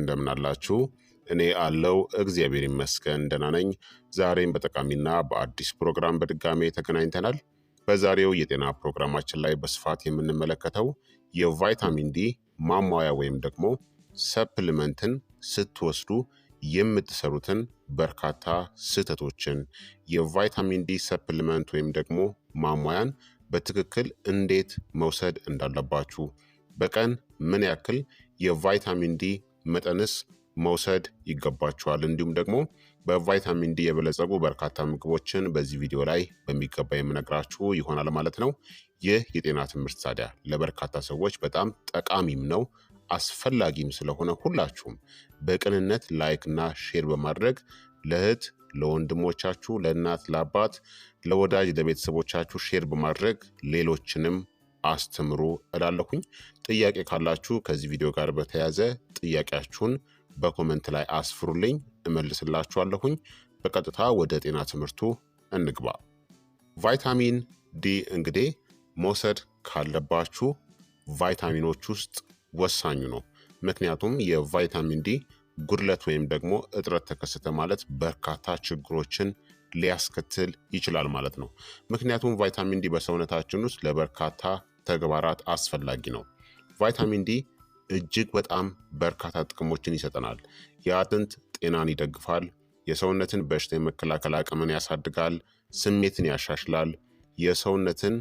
እንደምናላችሁ እኔ አለው እግዚአብሔር ይመስገን ደህና ነኝ። ዛሬም በጠቃሚና በአዲስ ፕሮግራም በድጋሜ ተገናኝተናል። በዛሬው የጤና ፕሮግራማችን ላይ በስፋት የምንመለከተው የቫይታሚን ዲ ማሟያ ወይም ደግሞ ሰፕሊመንትን ስትወስዱ የምትሰሩትን በርካታ ስህተቶችን፣ የቫይታሚን ዲ ሰፕሊመንት ወይም ደግሞ ማሟያን በትክክል እንዴት መውሰድ እንዳለባችሁ፣ በቀን ምን ያክል የቫይታሚን ዲ መጠንስ መውሰድ ይገባቸዋል? እንዲሁም ደግሞ በቫይታሚን ዲ የበለጸጉ በርካታ ምግቦችን በዚህ ቪዲዮ ላይ በሚገባ የምነግራችሁ ይሆናል ማለት ነው። ይህ የጤና ትምህርት ታዲያ ለበርካታ ሰዎች በጣም ጠቃሚም ነው አስፈላጊም ስለሆነ ሁላችሁም በቅንነት ላይክ እና ሼር በማድረግ ለእህት ለወንድሞቻችሁ፣ ለእናት፣ ለአባት፣ ለወዳጅ፣ ለቤተሰቦቻችሁ ሼር በማድረግ ሌሎችንም አስተምሩ እላለሁኝ። ጥያቄ ካላችሁ ከዚህ ቪዲዮ ጋር በተያያዘ ጥያቄያችሁን በኮመንት ላይ አስፍሩልኝ፣ እመልስላችኋለሁኝ። በቀጥታ ወደ ጤና ትምህርቱ እንግባ። ቫይታሚን ዲ እንግዲህ መውሰድ ካለባችሁ ቫይታሚኖች ውስጥ ወሳኙ ነው። ምክንያቱም የቫይታሚን ዲ ጉድለት ወይም ደግሞ እጥረት ተከሰተ ማለት በርካታ ችግሮችን ሊያስከትል ይችላል ማለት ነው። ምክንያቱም ቫይታሚን ዲ በሰውነታችን ውስጥ ለበርካታ ተግባራት አስፈላጊ ነው። ቫይታሚን ዲ እጅግ በጣም በርካታ ጥቅሞችን ይሰጠናል። የአጥንት ጤናን ይደግፋል፣ የሰውነትን በሽታ የመከላከል አቅምን ያሳድጋል፣ ስሜትን ያሻሽላል፣ የሰውነትን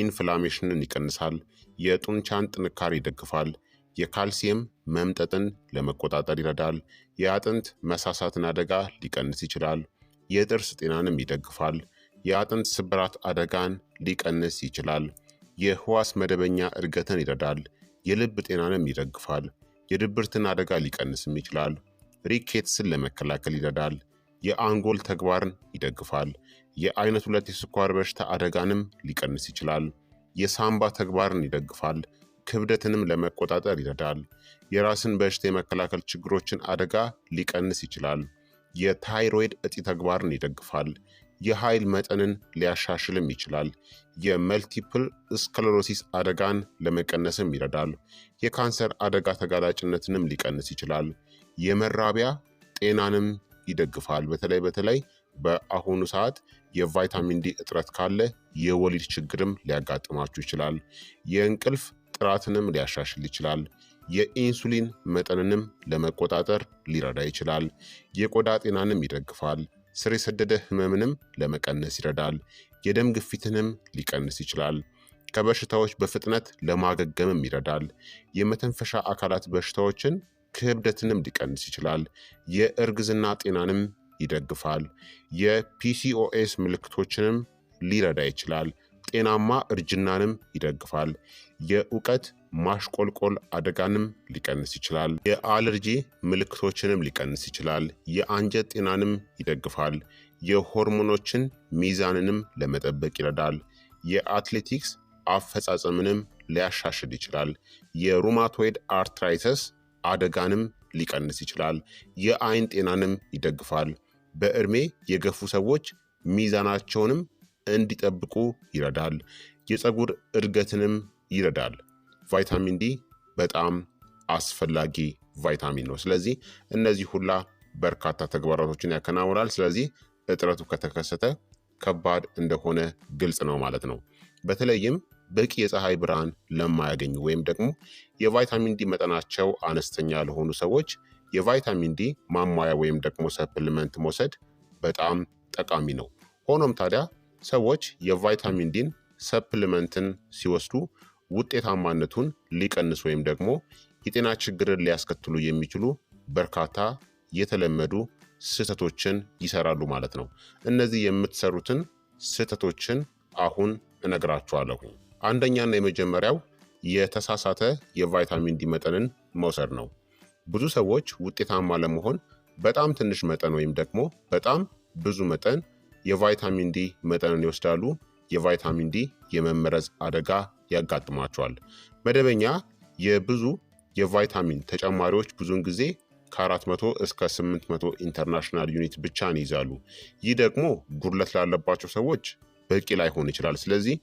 ኢንፍላሜሽንን ይቀንሳል፣ የጡንቻን ጥንካሬ ይደግፋል፣ የካልሲየም መምጠጥን ለመቆጣጠር ይረዳል፣ የአጥንት መሳሳትን አደጋ ሊቀንስ ይችላል፣ የጥርስ ጤናንም ይደግፋል፣ የአጥንት ስብራት አደጋን ሊቀንስ ይችላል። የህዋስ መደበኛ እድገትን ይረዳል፣ የልብ ጤናንም ይደግፋል፣ የድብርትን አደጋ ሊቀንስም ይችላል፣ ሪኬትስን ለመከላከል ይረዳል፣ የአንጎል ተግባርን ይደግፋል፣ የአይነት ሁለት የስኳር በሽታ አደጋንም ሊቀንስ ይችላል፣ የሳምባ ተግባርን ይደግፋል፣ ክብደትንም ለመቆጣጠር ይረዳል፣ የራስን በሽታ የመከላከል ችግሮችን አደጋ ሊቀንስ ይችላል፣ የታይሮይድ እጢ ተግባርን ይደግፋል፣ የኃይል መጠንን ሊያሻሽልም ይችላል። የመልቲፕል ስክለሮሲስ አደጋን ለመቀነስም ይረዳል። የካንሰር አደጋ ተጋላጭነትንም ሊቀንስ ይችላል። የመራቢያ ጤናንም ይደግፋል። በተለይ በተለይ በአሁኑ ሰዓት የቫይታሚን ዲ እጥረት ካለ የወሊድ ችግርም ሊያጋጥማችሁ ይችላል። የእንቅልፍ ጥራትንም ሊያሻሽል ይችላል። የኢንሱሊን መጠንንም ለመቆጣጠር ሊረዳ ይችላል። የቆዳ ጤናንም ይደግፋል። ስር የሰደደ ህመምንም ለመቀነስ ይረዳል። የደም ግፊትንም ሊቀንስ ይችላል። ከበሽታዎች በፍጥነት ለማገገምም ይረዳል። የመተንፈሻ አካላት በሽታዎችን ክብደትንም ሊቀንስ ይችላል። የእርግዝና ጤናንም ይደግፋል። የፒሲኦኤስ ምልክቶችንም ሊረዳ ይችላል። ጤናማ እርጅናንም ይደግፋል። የእውቀት ማሽቆልቆል አደጋንም ሊቀንስ ይችላል። የአለርጂ ምልክቶችንም ሊቀንስ ይችላል። የአንጀት ጤናንም ይደግፋል። የሆርሞኖችን ሚዛንንም ለመጠበቅ ይረዳል። የአትሌቲክስ አፈጻጸምንም ሊያሻሽል ይችላል። የሩማቶይድ አርትራይተስ አደጋንም ሊቀንስ ይችላል። የአይን ጤናንም ይደግፋል። በእድሜ የገፉ ሰዎች ሚዛናቸውንም እንዲጠብቁ ይረዳል። የፀጉር እድገትንም ይረዳል። ቫይታሚን ዲ በጣም አስፈላጊ ቫይታሚን ነው። ስለዚህ እነዚህ ሁላ በርካታ ተግባራቶችን ያከናውናል። ስለዚህ እጥረቱ ከተከሰተ ከባድ እንደሆነ ግልጽ ነው ማለት ነው። በተለይም በቂ የፀሐይ ብርሃን ለማያገኙ ወይም ደግሞ የቫይታሚን ዲ መጠናቸው አነስተኛ ለሆኑ ሰዎች የቫይታሚን ዲ ማሟያ ወይም ደግሞ ሰፕልመንት መውሰድ በጣም ጠቃሚ ነው። ሆኖም ታዲያ ሰዎች የቫይታሚን ዲን ሰፕልመንትን ሲወስዱ ውጤታማነቱን ሊቀንስ ወይም ደግሞ የጤና ችግርን ሊያስከትሉ የሚችሉ በርካታ የተለመዱ ስህተቶችን ይሰራሉ ማለት ነው። እነዚህ የምትሰሩትን ስህተቶችን አሁን እነግራችኋለሁ። አንደኛና የመጀመሪያው የተሳሳተ የቫይታሚን ዲ መጠንን መውሰድ ነው። ብዙ ሰዎች ውጤታማ ለመሆን በጣም ትንሽ መጠን ወይም ደግሞ በጣም ብዙ መጠን የቫይታሚን ዲ መጠንን ይወስዳሉ። የቫይታሚን ዲ የመመረዝ አደጋ ያጋጥማቸዋል። መደበኛ የብዙ የቫይታሚን ተጨማሪዎች ብዙውን ጊዜ ከ400 እስከ 800 ኢንተርናሽናል ዩኒት ብቻን ይይዛሉ። ይህ ደግሞ ጉድለት ላለባቸው ሰዎች በቂ ላይሆን ይችላል። ስለዚህ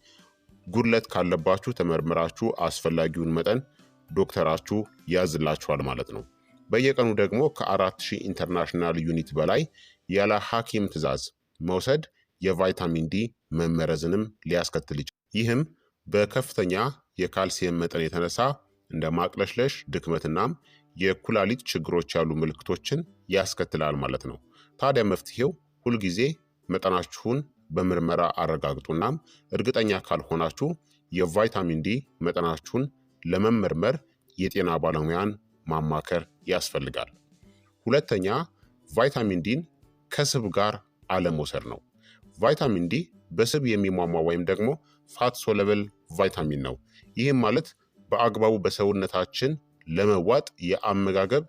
ጉድለት ካለባችሁ ተመርምራችሁ አስፈላጊውን መጠን ዶክተራችሁ ያዝላችኋል ማለት ነው። በየቀኑ ደግሞ ከ4000 ኢንተርናሽናል ዩኒት በላይ ያለ ሐኪም ትዕዛዝ መውሰድ የቫይታሚን ዲ መመረዝንም ሊያስከትል ይችላል። ይህም በከፍተኛ የካልሲየም መጠን የተነሳ እንደ ማቅለሽለሽ፣ ድክመትናም የኩላሊት ችግሮች ያሉ ምልክቶችን ያስከትላል ማለት ነው። ታዲያ መፍትሄው ሁልጊዜ መጠናችሁን በምርመራ አረጋግጡናም እርግጠኛ ካልሆናችሁ የቫይታሚን ዲ መጠናችሁን ለመመርመር የጤና ባለሙያን ማማከር ያስፈልጋል። ሁለተኛ ቫይታሚን ዲን ከስብ ጋር አለመውሰድ ነው። ቫይታሚን ዲ በስብ የሚሟሟ ወይም ደግሞ ፋት ሶለበል ቫይታሚን ነው። ይህም ማለት በአግባቡ በሰውነታችን ለመዋጥ የአመጋገብ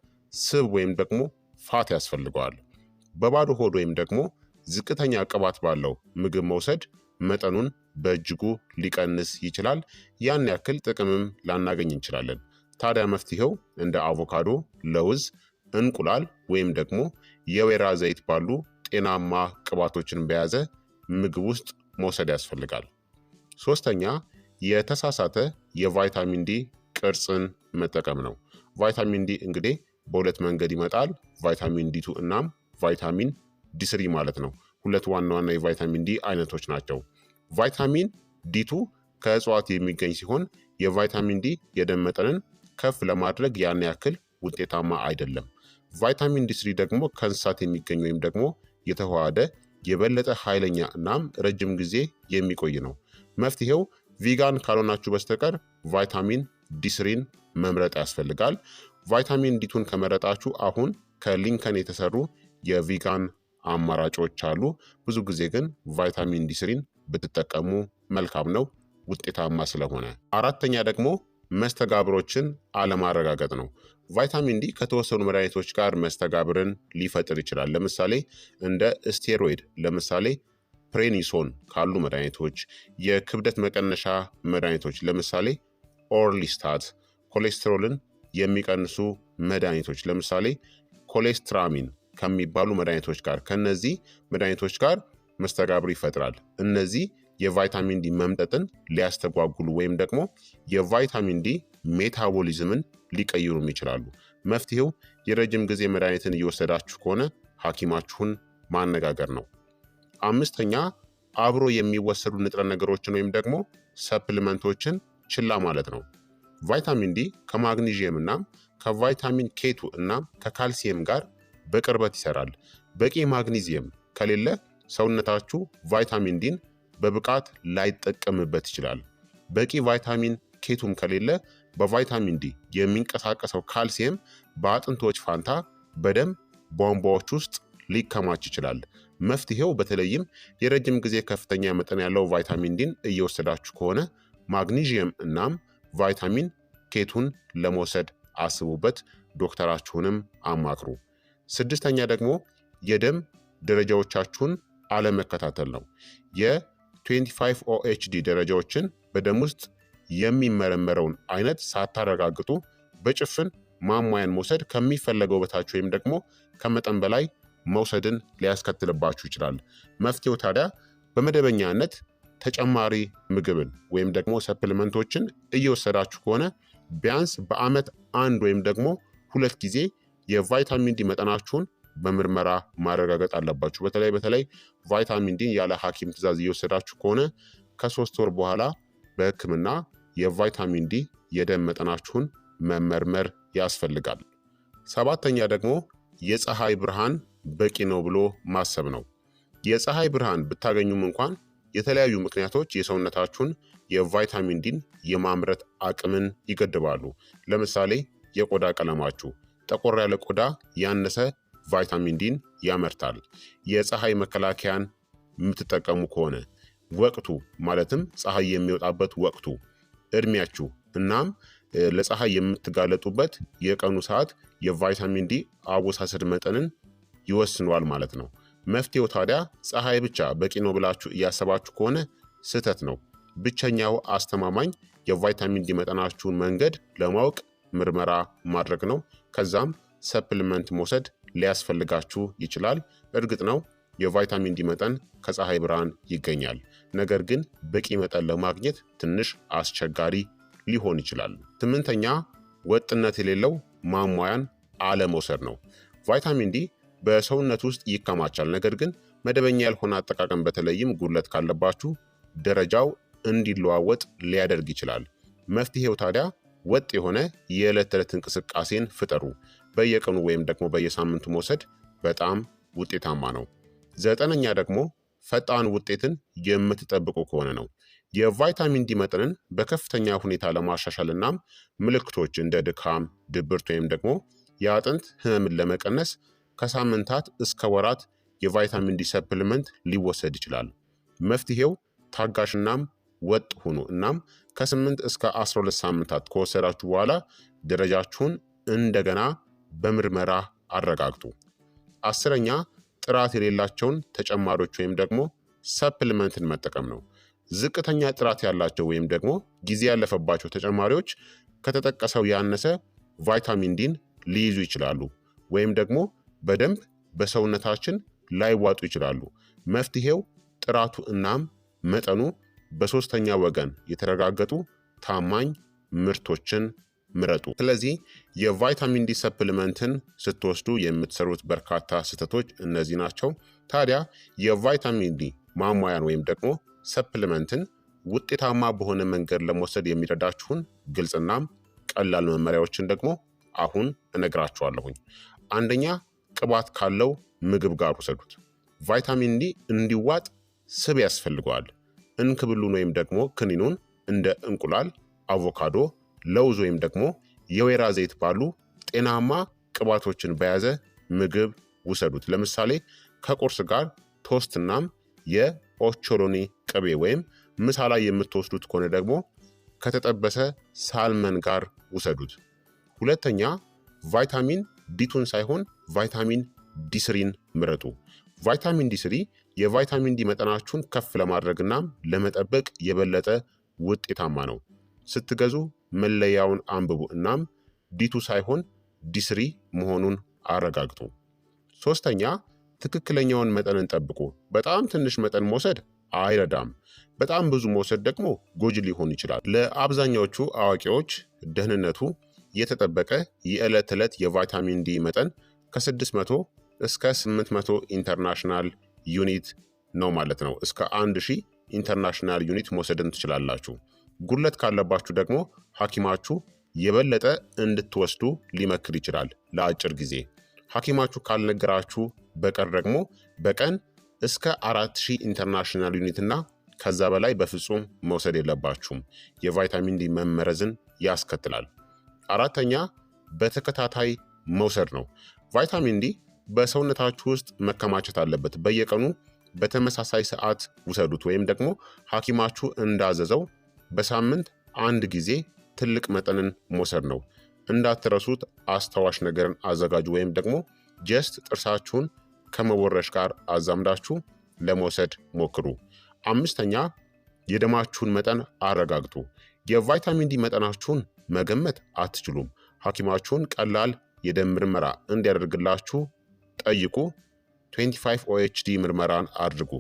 ስብ ወይም ደግሞ ፋት ያስፈልገዋል። በባዶ ሆድ ወይም ደግሞ ዝቅተኛ ቅባት ባለው ምግብ መውሰድ መጠኑን በእጅጉ ሊቀንስ ይችላል። ያን ያክል ጥቅምም ላናገኝ እንችላለን። ታዲያ መፍትሄው እንደ አቮካዶ፣ ለውዝ፣ እንቁላል ወይም ደግሞ የወይራ ዘይት ባሉ ጤናማ ቅባቶችን በያዘ ምግብ ውስጥ መውሰድ ያስፈልጋል። ሶስተኛ የተሳሳተ የቫይታሚን ዲ ቅርጽን መጠቀም ነው። ቫይታሚን ዲ እንግዲህ በሁለት መንገድ ይመጣል። ቫይታሚን ዲቱ እናም ቫይታሚን ዲስሪ ማለት ነው። ሁለት ዋና ዋና የቫይታሚን ዲ አይነቶች ናቸው። ቫይታሚን ዲቱ ከእጽዋት የሚገኝ ሲሆን የቫይታሚን ዲ የደም መጠንን ከፍ ለማድረግ ያን ያክል ውጤታማ አይደለም። ቫይታሚን ዲስሪ ደግሞ ከእንስሳት የሚገኝ ወይም ደግሞ የተዋሃደ የበለጠ ኃይለኛ እናም ረጅም ጊዜ የሚቆይ ነው። መፍትሄው ቪጋን ካልሆናችሁ በስተቀር ቫይታሚን ዲስሪን መምረጥ ያስፈልጋል። ቫይታሚን ዲቱን ከመረጣችሁ አሁን ከሊንከን የተሰሩ የቪጋን አማራጮች አሉ። ብዙ ጊዜ ግን ቫይታሚን ዲስሪን ብትጠቀሙ መልካም ነው ውጤታማ ስለሆነ። አራተኛ ደግሞ መስተጋብሮችን አለማረጋገጥ ነው። ቫይታሚን ዲ ከተወሰኑ መድኃኒቶች ጋር መስተጋብርን ሊፈጥር ይችላል። ለምሳሌ እንደ ስቴሮይድ ለምሳሌ ፕሬኒሶን ካሉ መድኃኒቶች፣ የክብደት መቀነሻ መድኃኒቶች ለምሳሌ ኦርሊስታት፣ ኮሌስትሮልን የሚቀንሱ መድኃኒቶች ለምሳሌ ኮሌስትራሚን ከሚባሉ መድኃኒቶች ጋር ከነዚህ መድኃኒቶች ጋር መስተጋብር ይፈጥራል። እነዚህ የቫይታሚን ዲ መምጠጥን ሊያስተጓጉሉ ወይም ደግሞ የቫይታሚን ዲ ሜታቦሊዝምን ሊቀይሩም ይችላሉ። መፍትሄው የረጅም ጊዜ መድኃኒትን እየወሰዳችሁ ከሆነ ሐኪማችሁን ማነጋገር ነው። አምስተኛ አብሮ የሚወሰዱ ንጥረ ነገሮችን ወይም ደግሞ ሰፕሊመንቶችን ችላ ማለት ነው። ቫይታሚን ዲ ከማግኒዥየም እናም ከቫይታሚን ኬቱ እናም ከካልሲየም ጋር በቅርበት ይሰራል። በቂ ማግኒዚየም ከሌለ ሰውነታችሁ ቫይታሚን ዲን በብቃት ላይጠቀምበት ይችላል። በቂ ቫይታሚን ኬቱም ከሌለ በቫይታሚን ዲ የሚንቀሳቀሰው ካልሲየም በአጥንቶች ፋንታ በደም ቧንቧዎች ውስጥ ሊከማች ይችላል። መፍትሄው በተለይም የረጅም ጊዜ ከፍተኛ መጠን ያለው ቫይታሚን ዲን እየወሰዳችሁ ከሆነ ማግኒዥየም እናም ቫይታሚን ኬቱን ለመውሰድ አስቡበት፣ ዶክተራችሁንም አማክሩ። ስድስተኛ ደግሞ የደም ደረጃዎቻችሁን አለመከታተል ነው። የ25 ኦኤችዲ ደረጃዎችን በደም ውስጥ የሚመረመረውን አይነት ሳታረጋግጡ በጭፍን ማሟያን መውሰድ ከሚፈለገው በታች ወይም ደግሞ ከመጠን በላይ መውሰድን ሊያስከትልባችሁ ይችላል። መፍትሄው ታዲያ በመደበኛነት ተጨማሪ ምግብን ወይም ደግሞ ሰፕልመንቶችን እየወሰዳችሁ ከሆነ ቢያንስ በአመት አንድ ወይም ደግሞ ሁለት ጊዜ የቫይታሚን ዲ መጠናችሁን በምርመራ ማረጋገጥ አለባችሁ። በተለይ በተለይ ቫይታሚን ዲን ያለ ሐኪም ትእዛዝ እየወሰዳችሁ ከሆነ ከሶስት ወር በኋላ በህክምና የቫይታሚን ዲ የደም መጠናችሁን መመርመር ያስፈልጋል። ሰባተኛ ደግሞ የፀሐይ ብርሃን በቂ ነው ብሎ ማሰብ ነው። የፀሐይ ብርሃን ብታገኙም እንኳን የተለያዩ ምክንያቶች የሰውነታችሁን የቫይታሚን ዲን የማምረት አቅምን ይገድባሉ። ለምሳሌ የቆዳ ቀለማችሁ ጠቆር ያለ ቆዳ ያነሰ ቫይታሚን ዲን ያመርታል። የፀሐይ መከላከያን የምትጠቀሙ ከሆነ ወቅቱ ማለትም ፀሐይ የሚወጣበት ወቅቱ፣ እድሜያችሁ እናም ለፀሐይ የምትጋለጡበት የቀኑ ሰዓት የቫይታሚን ዲ አወሳሰድ መጠንን ይወስኗል ማለት ነው። መፍትሄው ታዲያ ፀሐይ ብቻ በቂ ነው ብላችሁ እያሰባችሁ ከሆነ ስህተት ነው። ብቸኛው አስተማማኝ የቫይታሚን ዲ መጠናችሁን መንገድ ለማወቅ ምርመራ ማድረግ ነው። ከዛም ሰፕልመንት መውሰድ ሊያስፈልጋችሁ ይችላል። እርግጥ ነው የቫይታሚን ዲ መጠን ከፀሐይ ብርሃን ይገኛል። ነገር ግን በቂ መጠን ለማግኘት ትንሽ አስቸጋሪ ሊሆን ይችላል። ስምንተኛ ወጥነት የሌለው ማሟያን አለመውሰድ ነው። ቫይታሚን ዲ በሰውነት ውስጥ ይከማቻል። ነገር ግን መደበኛ ያልሆነ አጠቃቀም በተለይም ጉድለት ካለባችሁ ደረጃው እንዲለዋወጥ ሊያደርግ ይችላል። መፍትሄው ታዲያ ወጥ የሆነ የዕለት ተዕለት እንቅስቃሴን ፍጠሩ። በየቀኑ ወይም ደግሞ በየሳምንቱ መውሰድ በጣም ውጤታማ ነው። ዘጠነኛ ደግሞ ፈጣን ውጤትን የምትጠብቁ ከሆነ ነው። የቫይታሚን ዲ መጠንን በከፍተኛ ሁኔታ ለማሻሻል እናም ምልክቶች እንደ ድካም፣ ድብርት ወይም ደግሞ የአጥንት ህመምን ለመቀነስ ከሳምንታት እስከ ወራት የቫይታሚን ዲ ሰፕልመንት ሊወሰድ ይችላል። መፍትሄው ታጋሽናም ወጥ ሁኑ። እናም ከ8 እስከ 12 ሳምንታት ከወሰዳችሁ በኋላ ደረጃችሁን እንደገና በምርመራ አረጋግጡ። አስረኛ ጥራት የሌላቸውን ተጨማሪዎች ወይም ደግሞ ሰፕልመንትን መጠቀም ነው። ዝቅተኛ ጥራት ያላቸው ወይም ደግሞ ጊዜ ያለፈባቸው ተጨማሪዎች ከተጠቀሰው ያነሰ ቫይታሚን ዲን ሊይዙ ይችላሉ ወይም ደግሞ በደንብ በሰውነታችን ላይዋጡ ይችላሉ። መፍትሄው ጥራቱ እናም መጠኑ በሶስተኛ ወገን የተረጋገጡ ታማኝ ምርቶችን ምረጡ። ስለዚህ የቫይታሚን ዲ ሰፕልመንትን ስትወስዱ የምትሰሩት በርካታ ስህተቶች እነዚህ ናቸው። ታዲያ የቫይታሚን ዲ ማሟያን ወይም ደግሞ ሰፕልመንትን ውጤታማ በሆነ መንገድ ለመውሰድ የሚረዳችሁን ግልጽናም ቀላል መመሪያዎችን ደግሞ አሁን እነግራችኋለሁኝ። አንደኛ ቅባት ካለው ምግብ ጋር ውሰዱት። ቫይታሚን ዲ እንዲዋጥ ስብ ያስፈልገዋል። እንክብሉን ወይም ደግሞ ክኒኑን እንደ እንቁላል፣ አቮካዶ፣ ለውዝ ወይም ደግሞ የወይራ ዘይት ባሉ ጤናማ ቅባቶችን በያዘ ምግብ ውሰዱት። ለምሳሌ ከቁርስ ጋር ቶስትናም የኦቾሎኒ ቅቤ ወይም ምሳ ላይ የምትወስዱት ከሆነ ደግሞ ከተጠበሰ ሳልመን ጋር ውሰዱት። ሁለተኛ ቫይታሚን ዲቱን ሳይሆን ቫይታሚን ዲስሪን ምረጡ። ቫይታሚን ዲስሪ የቫይታሚን ዲ መጠናችሁን ከፍ ለማድረግና ለመጠበቅ የበለጠ ውጤታማ ነው። ስትገዙ መለያውን አንብቡ፣ እናም ዲቱ ሳይሆን ዲስሪ መሆኑን አረጋግጡ። ሶስተኛ ትክክለኛውን መጠንን ጠብቁ። በጣም ትንሽ መጠን መውሰድ አይረዳም። በጣም ብዙ መውሰድ ደግሞ ጎጂ ሊሆን ይችላል። ለአብዛኛዎቹ አዋቂዎች ደህንነቱ የተጠበቀ የዕለት ዕለት የቫይታሚን ዲ መጠን ከ600 እስከ 800 ኢንተርናሽናል ዩኒት ነው ማለት ነው። እስከ 1000 ኢንተርናሽናል ዩኒት መውሰድን ትችላላችሁ። ጉለት ካለባችሁ ደግሞ ሐኪማችሁ የበለጠ እንድትወስዱ ሊመክር ይችላል ለአጭር ጊዜ። ሐኪማችሁ ካልነገራችሁ በቀር ደግሞ በቀን እስከ 4000 ኢንተርናሽናል ዩኒት እና ከዛ በላይ በፍጹም መውሰድ የለባችሁም። የቫይታሚን ዲ መመረዝን ያስከትላል። አራተኛ በተከታታይ መውሰድ ነው። ቫይታሚን ዲ በሰውነታችሁ ውስጥ መከማቸት አለበት። በየቀኑ በተመሳሳይ ሰዓት ውሰዱት ወይም ደግሞ ሐኪማችሁ እንዳዘዘው በሳምንት አንድ ጊዜ ትልቅ መጠንን መውሰድ ነው። እንዳትረሱት አስታዋሽ ነገርን አዘጋጁ ወይም ደግሞ ጀስት ጥርሳችሁን ከመቦረሽ ጋር አዛምዳችሁ ለመውሰድ ሞክሩ። አምስተኛ የደማችሁን መጠን አረጋግጡ። የቫይታሚን ዲ መጠናችሁን መገመት አትችሉም። ሐኪማችሁን ቀላል የደም ምርመራ እንዲያደርግላችሁ ጠይቁ። 25 ኦኤችዲ ምርመራን አድርጉ።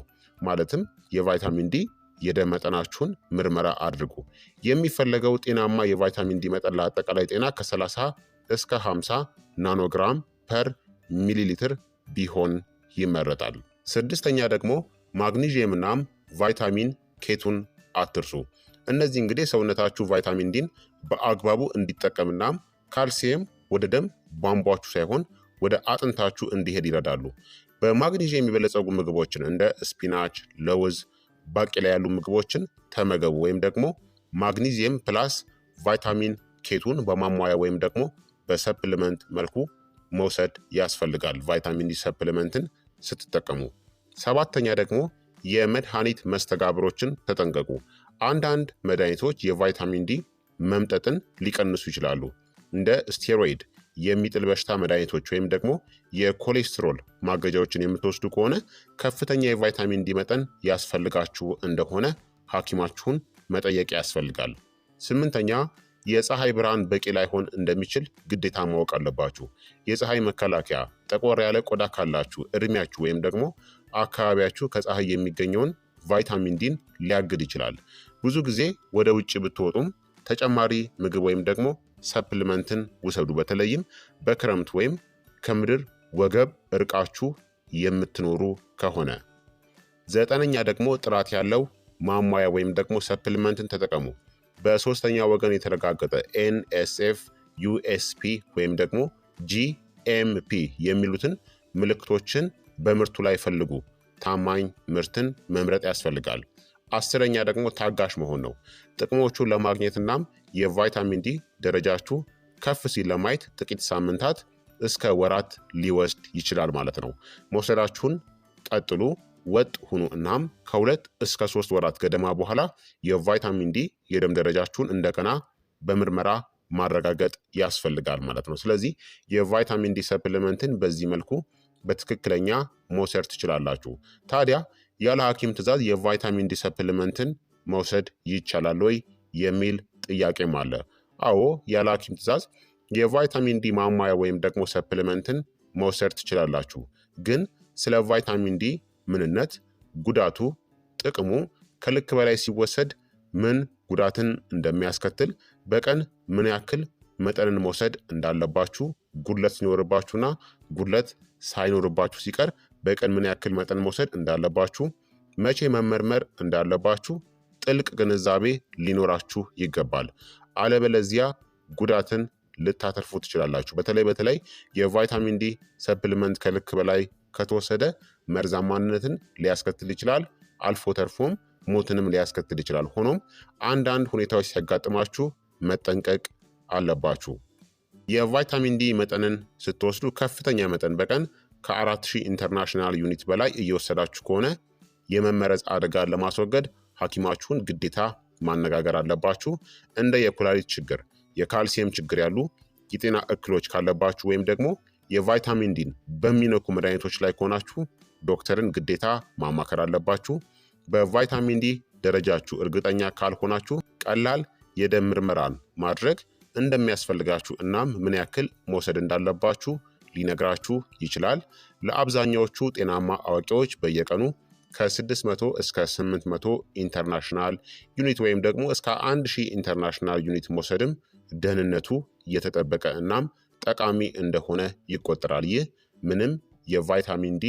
ማለትም የቫይታሚን ዲ የደም መጠናችሁን ምርመራ አድርጉ። የሚፈለገው ጤናማ የቫይታሚን ዲ መጠን ለአጠቃላይ ጤና ከ30 እስከ 50 ናኖግራም ፐር ሚሊ ሊትር ቢሆን ይመረጣል። ስድስተኛ ደግሞ ማግኒዥየምናም ቫይታሚን ኬቱን አትርሱ። እነዚህ እንግዲህ ሰውነታችሁ ቫይታሚን ዲን በአግባቡ እንዲጠቀምና ካልሲየም ወደ ደም ቧንቧችሁ ሳይሆን ወደ አጥንታችሁ እንዲሄድ ይረዳሉ። በማግኔዥየም የሚበለጸጉ ምግቦችን እንደ ስፒናች፣ ለውዝ፣ ባቄላ ያሉ ምግቦችን ተመገቡ ወይም ደግሞ ማግኒዚየም ፕላስ ቫይታሚን ኬቱን በማሟያ ወይም ደግሞ በሰፕልመንት መልኩ መውሰድ ያስፈልጋል። ቫይታሚን ዲ ሰፕልመንትን ስትጠቀሙ ሰባተኛ ደግሞ የመድኃኒት መስተጋብሮችን ተጠንቀቁ። አንዳንድ መድኃኒቶች የቫይታሚን ዲ መምጠጥን ሊቀንሱ ይችላሉ። እንደ ስቴሮይድ የሚጥል በሽታ መድኃኒቶች ወይም ደግሞ የኮሌስትሮል ማገጃዎችን የምትወስዱ ከሆነ ከፍተኛ የቫይታሚን ዲ መጠን ያስፈልጋችሁ እንደሆነ ሐኪማችሁን መጠየቅ ያስፈልጋል። ስምንተኛ የፀሐይ ብርሃን በቂ ላይሆን እንደሚችል ግዴታ ማወቅ አለባችሁ። የፀሐይ መከላከያ፣ ጠቆር ያለ ቆዳ ካላችሁ፣ እድሜያችሁ ወይም ደግሞ አካባቢያችሁ ከፀሐይ የሚገኘውን ቫይታሚን ዲን ሊያግድ ይችላል። ብዙ ጊዜ ወደ ውጭ ብትወጡም ተጨማሪ ምግብ ወይም ደግሞ ሰፕልመንትን ውሰዱ። በተለይም በክረምት ወይም ከምድር ወገብ እርቃችሁ የምትኖሩ ከሆነ። ዘጠነኛ ደግሞ ጥራት ያለው ማሟያ ወይም ደግሞ ሰፕልመንትን ተጠቀሙ። በሶስተኛ ወገን የተረጋገጠ ኤንኤስኤፍ፣ ዩኤስፒ ወይም ደግሞ ጂኤምፒ የሚሉትን ምልክቶችን በምርቱ ላይ ፈልጉ። ታማኝ ምርትን መምረጥ ያስፈልጋል። አስረኛ ደግሞ ታጋሽ መሆን ነው። ጥቅሞቹን ለማግኘትናም የቫይታሚን ዲ ደረጃችሁ ከፍ ሲል ለማየት ጥቂት ሳምንታት እስከ ወራት ሊወስድ ይችላል ማለት ነው። መውሰዳችሁን ቀጥሉ። ወጥ ሁኑ። እናም ከሁለት እስከ ሶስት ወራት ገደማ በኋላ የቫይታሚን ዲ የደም ደረጃችሁን እንደገና በምርመራ ማረጋገጥ ያስፈልጋል ማለት ነው። ስለዚህ የቫይታሚን ዲ ሰፕሊመንትን በዚህ መልኩ በትክክለኛ መውሰድ ትችላላችሁ። ታዲያ ያለ ሐኪም ትዕዛዝ የቫይታሚን ዲ ሰፕሊመንትን መውሰድ ይቻላል ወይ የሚል ጥያቄም አለ። አዎ ያለ ሐኪም ትዕዛዝ የቫይታሚን ዲ ማሟያ ወይም ደግሞ ሰፕሊመንትን መውሰድ ትችላላችሁ። ግን ስለ ቫይታሚን ዲ ምንነት፣ ጉዳቱ፣ ጥቅሙ ከልክ በላይ ሲወሰድ ምን ጉዳትን እንደሚያስከትል በቀን ምን ያክል መጠንን መውሰድ እንዳለባችሁ፣ ጉድለት ሲኖርባችሁና ጉድለት ሳይኖርባችሁ ሲቀር በቀን ምን ያክል መጠን መውሰድ እንዳለባችሁ፣ መቼ መመርመር እንዳለባችሁ ጥልቅ ግንዛቤ ሊኖራችሁ ይገባል። አለበለዚያ ጉዳትን ልታተርፉ ትችላላችሁ። በተለይ በተለይ የቫይታሚን ዲ ሰፕልመንት ከልክ በላይ ከተወሰደ መርዛማነትን ሊያስከትል ይችላል። አልፎ ተርፎም ሞትንም ሊያስከትል ይችላል። ሆኖም አንዳንድ ሁኔታዎች ሲያጋጥማችሁ መጠንቀቅ አለባችሁ። የቫይታሚን ዲ መጠንን ስትወስዱ ከፍተኛ መጠን በቀን ከ4000 ኢንተርናሽናል ዩኒት በላይ እየወሰዳችሁ ከሆነ የመመረዝ አደጋን ለማስወገድ ሐኪማችሁን ግዴታ ማነጋገር አለባችሁ። እንደ የኩላሊት ችግር፣ የካልሲየም ችግር ያሉ የጤና እክሎች ካለባችሁ ወይም ደግሞ የቫይታሚን ዲን በሚነኩ መድኃኒቶች ላይ ከሆናችሁ ዶክተርን ግዴታ ማማከር አለባችሁ። በቫይታሚን ዲ ደረጃችሁ እርግጠኛ ካልሆናችሁ ቀላል የደም ምርመራን ማድረግ እንደሚያስፈልጋችሁ እናም ምን ያክል መውሰድ እንዳለባችሁ ሊነግራችሁ ይችላል። ለአብዛኛዎቹ ጤናማ አዋቂዎች በየቀኑ ከ600 እስከ 800 ኢንተርናሽናል ዩኒት ወይም ደግሞ እስከ 1000 ኢንተርናሽናል ዩኒት መውሰድም ደህንነቱ እየተጠበቀ እናም ጠቃሚ እንደሆነ ይቆጠራል። ይህ ምንም የቫይታሚን ዲ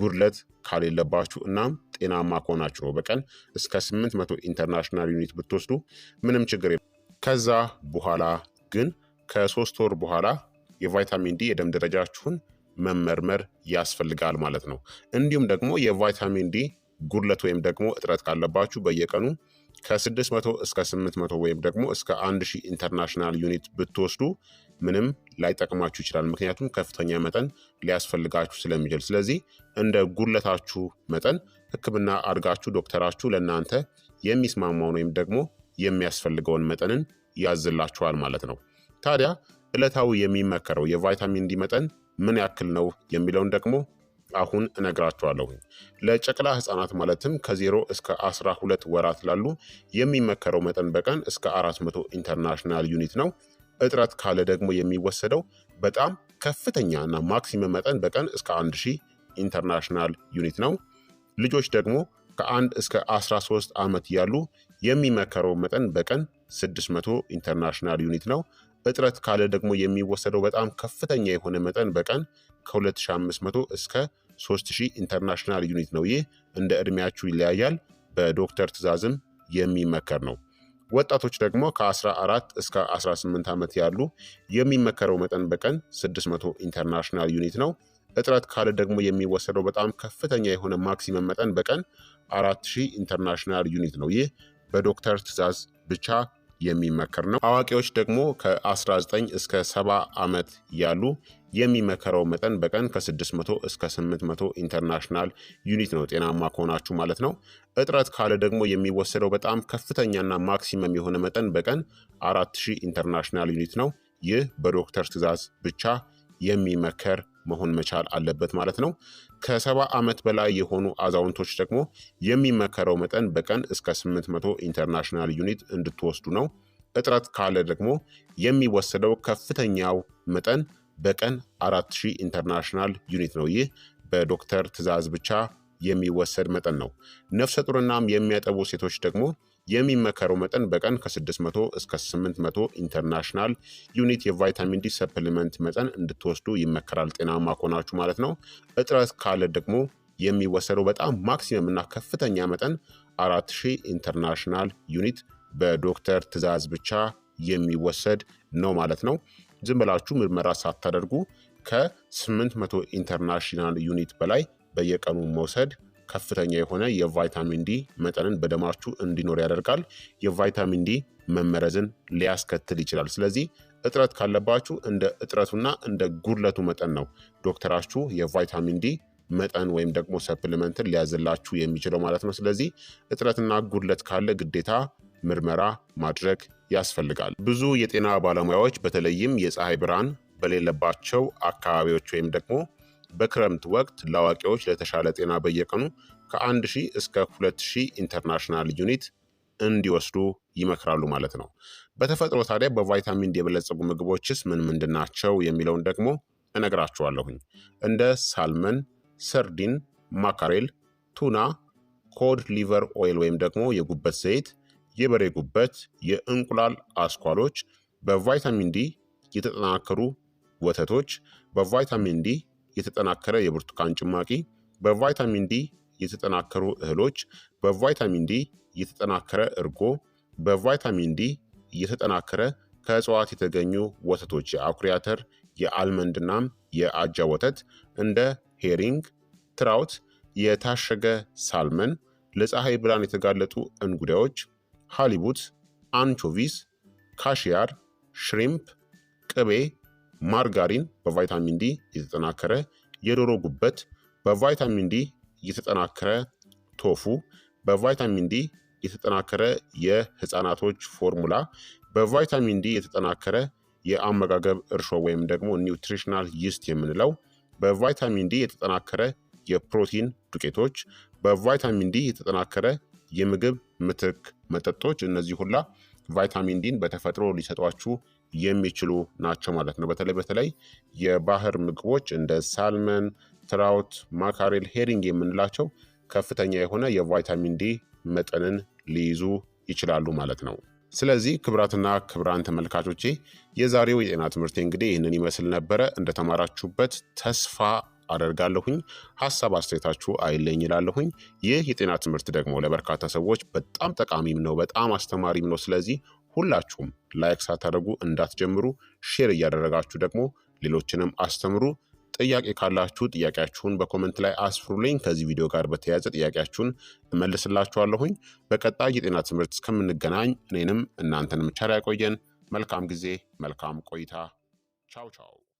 ጉድለት ካሌለባችሁ እናም ጤናማ ከሆናችሁ ነው። በቀን እስከ 800 ኢንተርናሽናል ዩኒት ብትወስዱ ምንም ችግር የለም። ከዛ በኋላ ግን ከሶስት ወር በኋላ የቫይታሚን ዲ የደም ደረጃችሁን መመርመር ያስፈልጋል ማለት ነው። እንዲሁም ደግሞ የቫይታሚን ዲ ጉድለት ወይም ደግሞ እጥረት ካለባችሁ በየቀኑ ከ600 እስከ 800 ወይም ደግሞ እስከ 1000 ኢንተርናሽናል ዩኒት ብትወስዱ ምንም ላይጠቅማችሁ ይችላል። ምክንያቱም ከፍተኛ መጠን ሊያስፈልጋችሁ ስለሚችል፣ ስለዚህ እንደ ጉድለታችሁ መጠን ሕክምና አድጋችሁ ዶክተራችሁ ለእናንተ የሚስማማውን ወይም ደግሞ የሚያስፈልገውን መጠንን ያዝላችኋል ማለት ነው። ታዲያ ዕለታዊ የሚመከረው የቫይታሚን ዲ መጠን ምን ያክል ነው የሚለውን ደግሞ አሁን እነግራችኋለሁኝ። ለጨቅላ ህፃናት ማለትም ከ0 እስከ 12 ወራት ላሉ የሚመከረው መጠን በቀን እስከ 400 ኢንተርናሽናል ዩኒት ነው። እጥረት ካለ ደግሞ የሚወሰደው በጣም ከፍተኛ እና ማክሲመም መጠን በቀን እስከ 1000 ኢንተርናሽናል ዩኒት ነው። ልጆች ደግሞ ከአንድ እስከ 13 ዓመት ያሉ የሚመከረው መጠን በቀን 600 ኢንተርናሽናል ዩኒት ነው። እጥረት ካለ ደግሞ የሚወሰደው በጣም ከፍተኛ የሆነ መጠን በቀን ከ2500 እስከ 3000 ኢንተርናሽናል ዩኒት ነው። ይህ እንደ ዕድሜያችሁ ይለያያል። በዶክተር ትዕዛዝም የሚመከር ነው። ወጣቶች ደግሞ ከ14 እስከ 18 ዓመት ያሉ የሚመከረው መጠን በቀን 600 ኢንተርናሽናል ዩኒት ነው። እጥረት ካለ ደግሞ የሚወሰደው በጣም ከፍተኛ የሆነ ማክሲመም መጠን በቀን 4000 ኢንተርናሽናል ዩኒት ነው። ይህ በዶክተር ትዕዛዝ ብቻ የሚመከር ነው። አዋቂዎች ደግሞ ከ19 እስከ 70 ዓመት ያሉ የሚመከረው መጠን በቀን ከ600 እስከ 800 ኢንተርናሽናል ዩኒት ነው፣ ጤናማ ከሆናችሁ ማለት ነው። እጥረት ካለ ደግሞ የሚወሰደው በጣም ከፍተኛና ማክሲመም የሆነ መጠን በቀን 4000 ኢንተርናሽናል ዩኒት ነው። ይህ በዶክተር ትዕዛዝ ብቻ የሚመከር መሆን መቻል አለበት ማለት ነው። ከሰባ ዓመት በላይ የሆኑ አዛውንቶች ደግሞ የሚመከረው መጠን በቀን እስከ 800 ኢንተርናሽናል ዩኒት እንድትወስዱ ነው። እጥረት ካለ ደግሞ የሚወሰደው ከፍተኛው መጠን በቀን 4000 ኢንተርናሽናል ዩኒት ነው። ይህ በዶክተር ትዕዛዝ ብቻ የሚወሰድ መጠን ነው። ነፍሰ ጡርናም የሚያጠቡ ሴቶች ደግሞ የሚመከረው መጠን በቀን ከ600 እስከ 800 ኢንተርናሽናል ዩኒት የቫይታሚን ዲ ሰፕሊመንት መጠን እንድትወስዱ ይመከራል። ጤናማ ከሆናችሁ ማለት ነው። እጥረት ካለ ደግሞ የሚወሰደው በጣም ማክሲመም እና ከፍተኛ መጠን 4000 ኢንተርናሽናል ዩኒት በዶክተር ትዕዛዝ ብቻ የሚወሰድ ነው ማለት ነው። ዝም ብላችሁ ምርመራ ሳታደርጉ ከ800 ኢንተርናሽናል ዩኒት በላይ በየቀኑ መውሰድ ከፍተኛ የሆነ የቫይታሚን ዲ መጠንን በደማችሁ እንዲኖር ያደርጋል። የቫይታሚን ዲ መመረዝን ሊያስከትል ይችላል። ስለዚህ እጥረት ካለባችሁ እንደ እጥረቱና እንደ ጉድለቱ መጠን ነው ዶክተራችሁ የቫይታሚን ዲ መጠን ወይም ደግሞ ሰፕሊመንትን ሊያዝላችሁ የሚችለው ማለት ነው። ስለዚህ እጥረትና ጉድለት ካለ ግዴታ ምርመራ ማድረግ ያስፈልጋል። ብዙ የጤና ባለሙያዎች በተለይም የፀሐይ ብርሃን በሌለባቸው አካባቢዎች ወይም ደግሞ በክረምት ወቅት ለአዋቂዎች ለተሻለ ጤና በየቀኑ ከ1000 እስከ 2000 ኢንተርናሽናል ዩኒት እንዲወስዱ ይመክራሉ ማለት ነው። በተፈጥሮ ታዲያ በቫይታሚን ዲ የበለጸጉ ምግቦችስ ምን ምንድን ናቸው የሚለውን ደግሞ እነግራችኋለሁኝ። እንደ ሳልመን፣ ሰርዲን፣ ማካሬል፣ ቱና፣ ኮድ ሊቨር ኦይል ወይም ደግሞ የጉበት ዘይት፣ የበሬ ጉበት፣ የእንቁላል አስኳሎች፣ በቫይታሚን ዲ የተጠናከሩ ወተቶች፣ በቫይታሚን ዲ የተጠናከረ የብርቱካን ጭማቂ፣ በቫይታሚን ዲ የተጠናከሩ እህሎች፣ በቫይታሚን ዲ የተጠናከረ እርጎ፣ በቫይታሚን ዲ የተጠናከረ ከእጽዋት የተገኙ ወተቶች የአኩሪ አተር፣ የአልመንድናም የአጃ ወተት እንደ ሄሪንግ፣ ትራውት፣ የታሸገ ሳልመን፣ ለፀሐይ ብርሃን የተጋለጡ እንጉዳዮች፣ ሃሊቡት፣ አንቾቪስ፣ ካሽያር፣ ሽሪምፕ፣ ቅቤ ማርጋሪን በቫይታሚን ዲ የተጠናከረ፣ የዶሮ ጉበት በቫይታሚን ዲ የተጠናከረ፣ ቶፉ በቫይታሚን ዲ የተጠናከረ የህፃናቶች ፎርሙላ በቫይታሚን ዲ የተጠናከረ የአመጋገብ እርሾ ወይም ደግሞ ኒውትሪሽናል ይስት የምንለው በቫይታሚን ዲ የተጠናከረ የፕሮቲን ዱቄቶች በቫይታሚን ዲ የተጠናከረ የምግብ ምትክ መጠጦች እነዚህ ሁላ ቫይታሚን ዲን በተፈጥሮ ሊሰጧችሁ የሚችሉ ናቸው ማለት ነው። በተለይ በተለይ የባህር ምግቦች እንደ ሳልመን፣ ትራውት፣ ማካሬል፣ ሄሪንግ የምንላቸው ከፍተኛ የሆነ የቫይታሚን ዲ መጠንን ሊይዙ ይችላሉ ማለት ነው። ስለዚህ ክብራትና ክብራን ተመልካቾቼ የዛሬው የጤና ትምህርት እንግዲህ ይህንን ይመስል ነበረ። እንደተማራችሁበት ተስፋ አደርጋለሁኝ። ሀሳብ አስተያየታችሁ አይለኝ ይላለሁኝ። ይህ የጤና ትምህርት ደግሞ ለበርካታ ሰዎች በጣም ጠቃሚም ነው፣ በጣም አስተማሪም ነው። ስለዚህ ሁላችሁም ላይክ ሳታደርጉ እንዳትጀምሩ፣ ሼር እያደረጋችሁ ደግሞ ሌሎችንም አስተምሩ። ጥያቄ ካላችሁ ጥያቄያችሁን በኮመንት ላይ አስፍሩልኝ። ከዚህ ቪዲዮ ጋር በተያያዘ ጥያቄያችሁን እመልስላችኋለሁኝ። በቀጣይ የጤና ትምህርት እስከምንገናኝ እኔንም እናንተንም ቸር ያቆየን። መልካም ጊዜ፣ መልካም ቆይታ። ቻው ቻው